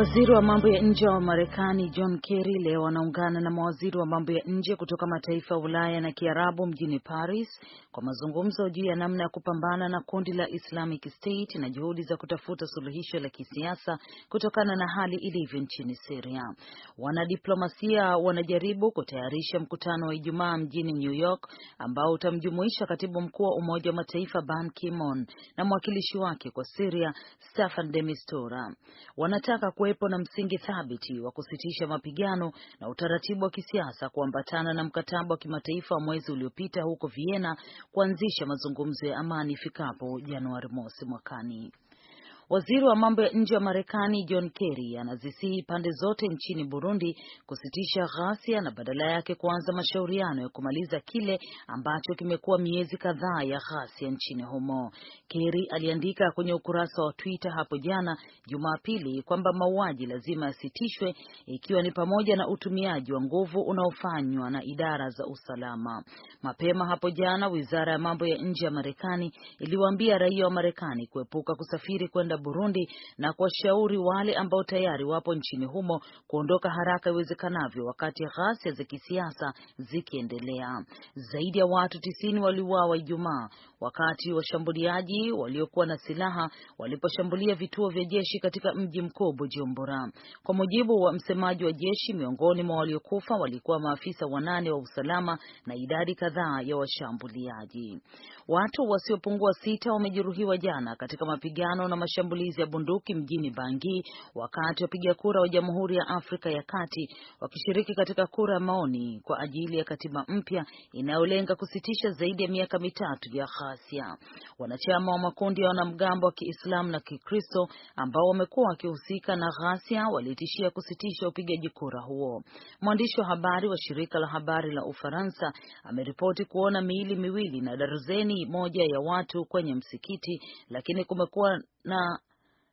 Waziri wa mambo ya nje wa Marekani John Kerry leo anaungana na mawaziri wa mambo ya nje kutoka mataifa ya Ulaya na Kiarabu mjini Paris kwa mazungumzo juu ya namna ya kupambana na kundi la Islamic State na juhudi za kutafuta suluhisho la kisiasa kutokana na hali ilivyo nchini Syria. Wanadiplomasia wanajaribu kutayarisha mkutano wa Ijumaa mjini New York ambao utamjumuisha Katibu Mkuu wa Umoja wa Mataifa Ban Ki-moon na mwakilishi wake kwa Syria Staffan de Mistura. Wanataka kwe kuwepo na msingi thabiti wa kusitisha mapigano na utaratibu wa kisiasa kuambatana na mkataba wa kimataifa wa mwezi uliopita huko Vienna kuanzisha mazungumzo ya amani ifikapo Januari mosi mwakani. Waziri wa mambo ya nje wa Marekani John Kerry anazisihi pande zote nchini Burundi kusitisha ghasia na badala yake kuanza mashauriano ya kumaliza kile ambacho kimekuwa miezi kadhaa ya ghasia nchini humo. Kerry aliandika kwenye ukurasa wa Twitter hapo jana Jumapili kwamba mauaji lazima yasitishwe, ikiwa ni pamoja na utumiaji wa nguvu unaofanywa na idara za usalama. Mapema hapo jana, wizara ya mambo ya nje ya Marekani iliwaambia raia wa Marekani kuepuka kusafiri kwenda Burundi na kuwashauri wale ambao tayari wapo nchini humo kuondoka haraka iwezekanavyo wakati ghasia za kisiasa zikiendelea. Zaidi ya watu tisini waliuawa Ijumaa wakati washambuliaji waliokuwa na silaha waliposhambulia vituo vya jeshi katika mji mkuu Bujumbura. Kwa mujibu wa msemaji wa jeshi, miongoni mwa waliokufa walikuwa maafisa wanane wa usalama na idadi kadhaa ya washambuliaji. Watu wasiopungua sita wamejeruhiwa jana katika mapigano na mashambuliaji mashambulizi ya bunduki mjini Bangi wakati wapiga kura wa Jamhuri ya Afrika ya Kati wakishiriki katika kura ya maoni kwa ajili ya katiba mpya inayolenga kusitisha zaidi ya miaka mitatu ya ghasia. Wanachama wa makundi ya wanamgambo wa Kiislamu na Kikristo ambao wamekuwa wakihusika na ghasia walitishia kusitisha upigaji kura huo. Mwandishi wa habari wa shirika la habari la Ufaransa ameripoti kuona miili miwili na darzeni moja ya watu kwenye msikiti, lakini kumekuwa na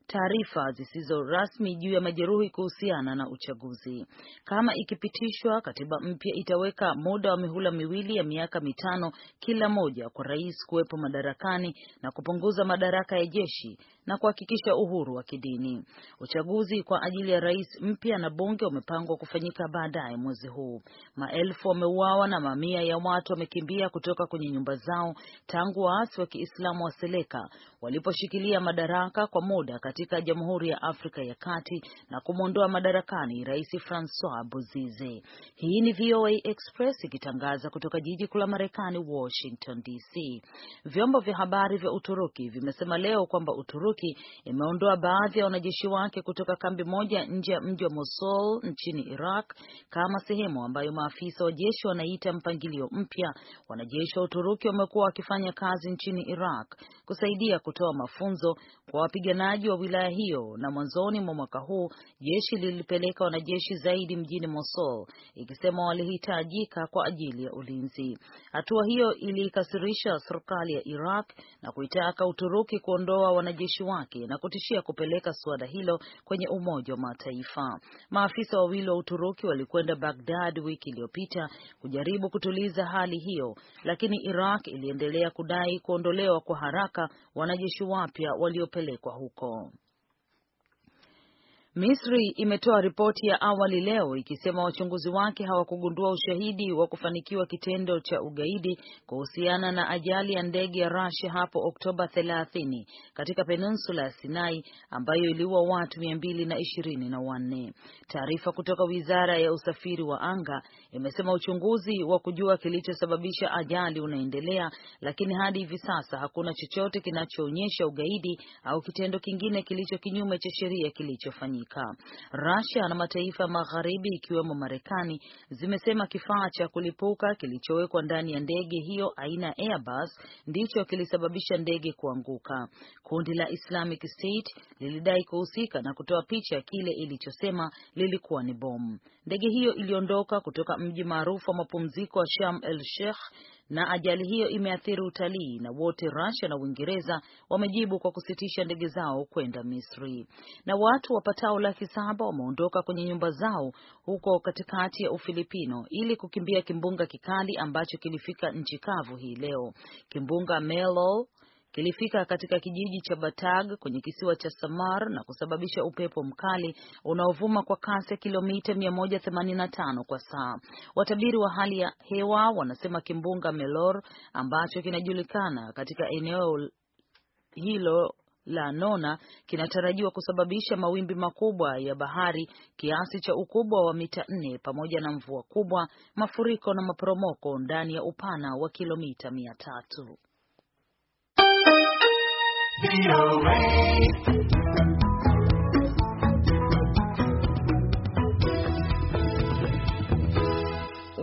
taarifa zisizo rasmi juu ya majeruhi kuhusiana na uchaguzi. Kama ikipitishwa, katiba mpya itaweka muda wa mihula miwili ya miaka mitano kila moja kwa rais kuwepo madarakani na kupunguza madaraka ya jeshi na kuhakikisha uhuru wa kidini. Uchaguzi kwa ajili ya rais mpya na bunge umepangwa kufanyika baadaye mwezi huu. Maelfu wameuawa na mamia ya watu wamekimbia kutoka kwenye nyumba zao tangu waasi wa Kiislamu wa Seleka waliposhikilia madaraka kwa muda katika Jamhuri ya Afrika ya Kati na kumwondoa madarakani Rais Francois Bozize. Hii ni VOA Express ikitangaza kutoka jiji kuu la Marekani, Washington DC. Vyombo vya habari vya Uturuki vimesema leo kwamba Uturuki imeondoa baadhi ya wanajeshi wake kutoka kambi moja nje ya mji wa Mosul nchini Iraq kama sehemu ambayo maafisa wa jeshi wanaita mpangilio mpya. Wanajeshi wa Uturuki wamekuwa wakifanya kazi nchini Iraq kusaidia kutoa mafunzo kwa wapiganaji wa wilaya hiyo na mwanzoni mwa mwaka huu jeshi lilipeleka wanajeshi zaidi mjini Mosul ikisema walihitajika kwa ajili ya ulinzi. Hatua hiyo iliikasirisha serikali ya Iraq na kuitaka Uturuki kuondoa wanajeshi wake na kutishia kupeleka suala hilo kwenye Umoja wa Mataifa. Maafisa wawili wa Uturuki walikwenda Baghdad wiki iliyopita kujaribu kutuliza hali hiyo, lakini Iraq iliendelea kudai kuondolewa kwa haraka wanajeshi wapya waliopelekwa huko. Misri imetoa ripoti ya awali leo ikisema wachunguzi wake hawakugundua ushahidi wa kufanikiwa kitendo cha ugaidi kuhusiana na ajali ya ndege ya Russia hapo Oktoba 30 katika peninsula ya Sinai ambayo iliua watu 224. Taarifa kutoka Wizara ya Usafiri wa Anga imesema uchunguzi wa kujua kilichosababisha ajali unaendelea, lakini hadi hivi sasa hakuna chochote kinachoonyesha ugaidi au kitendo kingine kilicho kinyume cha sheria kilichofanyika. Afrika. Russia na mataifa ya magharibi ikiwemo Marekani zimesema kifaa cha kulipuka kilichowekwa ndani ya ndege hiyo aina ya Airbus ndicho kilisababisha ndege kuanguka. Kundi la Islamic State lilidai kuhusika na kutoa picha ya kile ilichosema lilikuwa ni bomu. Ndege hiyo iliondoka kutoka mji maarufu wa mapumziko wa Sharm el Sheikh na ajali hiyo imeathiri utalii, na wote Russia na Uingereza wamejibu kwa kusitisha ndege zao kwenda Misri. Na watu wapatao laki saba wameondoka kwenye nyumba zao huko katikati ya Ufilipino ili kukimbia kimbunga kikali ambacho kilifika nchi kavu hii leo. Kimbunga Melo kilifika katika kijiji cha Batag kwenye kisiwa cha Samar na kusababisha upepo mkali unaovuma kwa kasi ya kilomita 185 kwa saa. Watabiri wa hali ya hewa wanasema kimbunga Melor ambacho kinajulikana katika eneo hilo la Nona kinatarajiwa kusababisha mawimbi makubwa ya bahari kiasi cha ukubwa wa mita nne pamoja na mvua kubwa, mafuriko na maporomoko ndani ya upana wa kilomita mia tatu. VOA